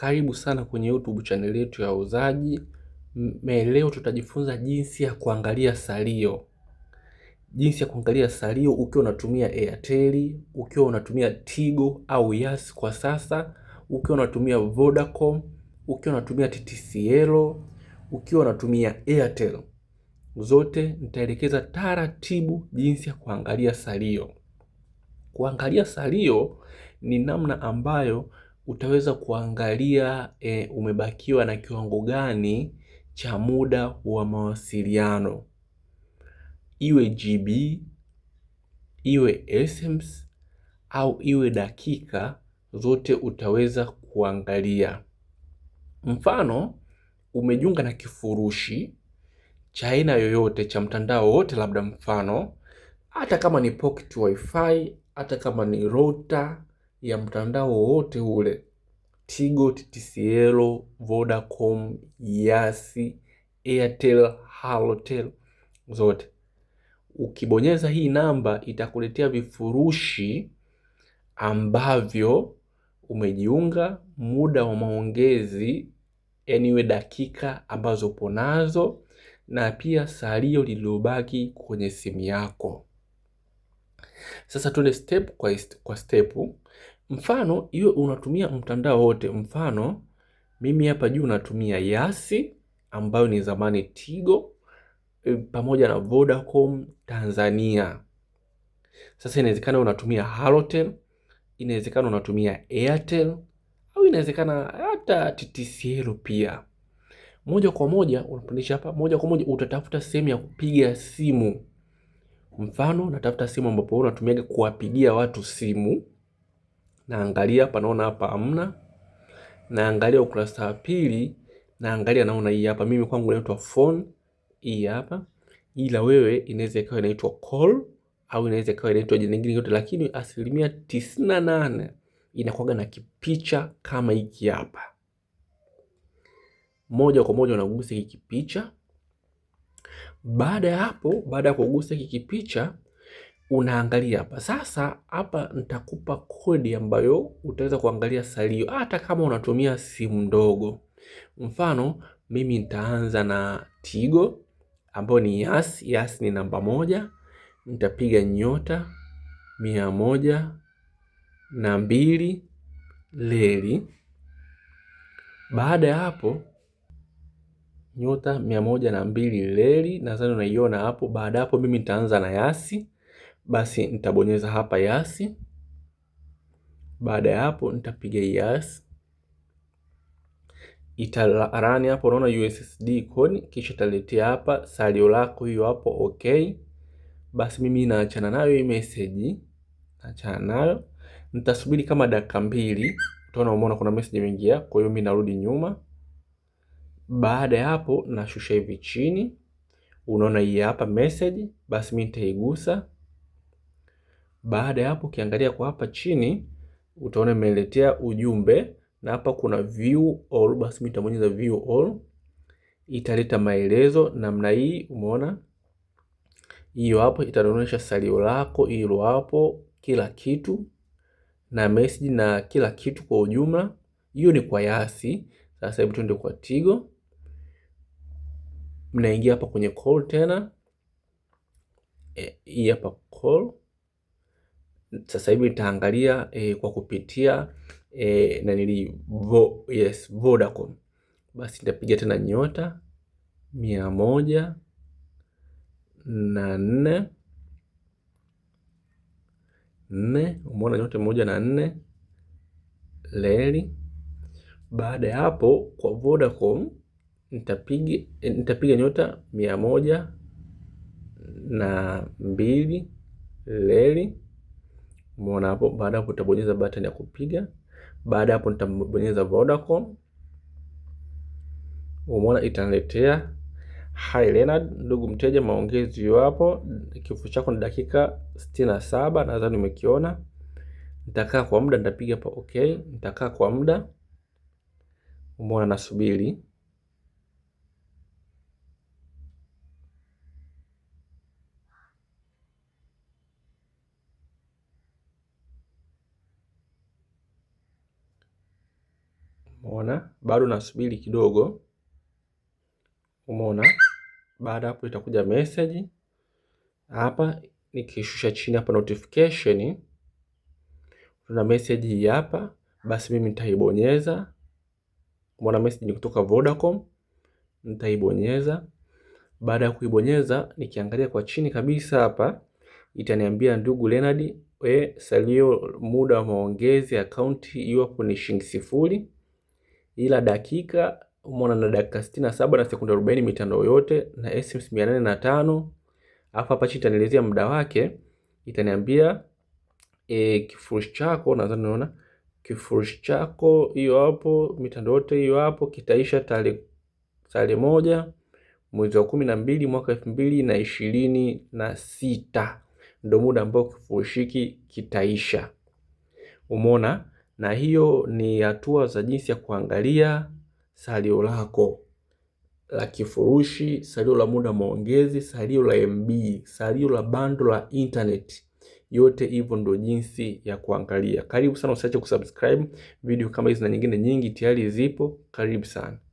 Karibu sana kwenye YouTube channel yetu ya Wauzaji. Leo tutajifunza jinsi ya kuangalia salio, jinsi ya kuangalia salio ukiwa unatumia Airtel, ukiwa unatumia Tigo au Yas kwa sasa, ukiwa unatumia Vodacom, ukiwa unatumia TTCL, ukiwa unatumia Airtel. Zote nitaelekeza taratibu jinsi ya kuangalia salio. Kuangalia salio ni namna ambayo utaweza kuangalia e, umebakiwa na kiwango gani cha muda wa mawasiliano, iwe GB, iwe SMS au iwe dakika, zote utaweza kuangalia. Mfano, umejiunga na kifurushi cha aina yoyote cha mtandao wote, labda mfano hata kama ni pocket wifi, hata kama ni router ya mtandao wowote ule Tigo, TCL, Vodacom, Yasi, Airtel, Halotel zote. Ukibonyeza hii namba itakuletea vifurushi ambavyo umejiunga, muda wa maongezi, yani iwe dakika ambazo upo nazo, na pia salio lililobaki kwenye simu yako. Sasa tuende step kwa, kwa step. Mfano iwe unatumia mtandao wote. Mfano mimi hapa juu natumia Yasi ambayo ni zamani Tigo e, pamoja na Vodacom Tanzania. Sasa inawezekana unatumia Halotel, inawezekana unatumia Airtel au inawezekana hata TTCL pia. Moja kwa moja unapandisha hapa, moja kwa moja utatafuta sehemu ya kupiga simu. Mfano, natafuta simu ambapo unatumiaga kuwapigia watu simu, naangalia panaona hapa hamna, naangalia ukurasa wa pili, naangalia naona hii hapa. Mimi kwangu inaitwa phone, hii hapa, ila wewe inaweza ikawa inaitwa call au inaweza ikawa inaitwa jina lingine yote, lakini asilimia tisini na nane inakuwaga na kipicha kama hiki hapa. Moja kwa moja unagusa hiki kipicha baada ya hapo, baada ya kugusa hiki kipicha, unaangalia hapa sasa. Hapa nitakupa kodi ambayo utaweza kuangalia salio, hata kama unatumia simu ndogo. Mfano, mimi nitaanza na Tigo ambayo ni yas yas, ni namba moja. Nitapiga nyota mia moja na mbili leli. Baada ya hapo nyota mia moja na mbili leli, nadhani unaiona hapo. Baada hapo mimi nitaanza na yasi, basi nitabonyeza hapa yasi. Baada ya hapo nitapiga yasi, itarani hapo, unaona USSD ikoni, kisha italetea hapa salio lako, hiyo hapo okay. Basi mimi naachana nayo hii message, naachana nayo, nitasubiri kama dakika mbili, utaona umeona kuna message imeingia, kwa hiyo mimi narudi nyuma baada ya hapo nashusha hivi chini, unaona hii hapa message, basi mimi nitaigusa. Baada ya hapo ukiangalia kwa hapa chini utaona imeletea ujumbe na hapa kuna view all, basi mimi nitabonyeza view all, italeta maelezo namna hii. Umeona hiyo hapo, itaonyesha salio lako hilo hapo, kila kitu na message na kila kitu kwa ujumla. Hiyo ni kwa Yasi. Sasa hebu tuende kwa Tigo mnaingia hapa kwenye call tena, e, hii e, hapa call. Sasa hivi nitaangalia e, kwa kupitia e, nanili vo, yes, Vodacom. Basi nitapiga tena nyota mia moja na nne nne, umeona nyota moja na nne leli. Baada ya hapo kwa Vodacom nitapiga nitapiga nyota mia moja na mbili leli. Umeona hapo. Baada hapo nitabonyeza button ya kupiga. Baada hapo nitabonyeza Vodacom. Umeona itaniletea Hi Leonard, ndugu mteja, maongezi hapo, kifufu chako ni dakika sitini na saba nadhani umekiona. Nitakaa kwa muda, nitapiga hapa okay, nitakaa kwa muda. Umeona nasubiri. Umeona? Bado nasubiri kidogo. Umeona? Baada hapo itakuja message. Hapa nikishusha chini hapa notification tuna message hii hapa, basi mimi nitaibonyeza. Umeona message ni kutoka Vodacom, nitaibonyeza. Baada ya kuibonyeza, nikiangalia kwa chini kabisa hapa itaniambia ndugu Leonard, we eh, salio muda wa maongezi, akaunti iwapo ni shilingi sifuri ila dakika umeona na dakika 67 na saba na sekunde arobaini mitandao yote na SMS 805. Hapa na tano hapa chini itanielezea muda wake, itaniambia e, kifurushi chako nadhani unaona kifurushi chako hiyo hapo, mitandao yote hiyo hapo, kitaisha tarehe tarehe moja mwezi wa kumi na mbili mwaka elfu mbili na ishirini na sita ndio muda ambao kifurushi hiki kitaisha. Umeona na hiyo ni hatua za jinsi ya kuangalia salio lako la kifurushi, salio la muda maongezi, salio la MB, salio la bando la internet. Yote hivyo ndio jinsi ya kuangalia. Karibu sana, usiache kusubscribe. Video kama hizi na nyingine nyingi tayari zipo. Karibu sana.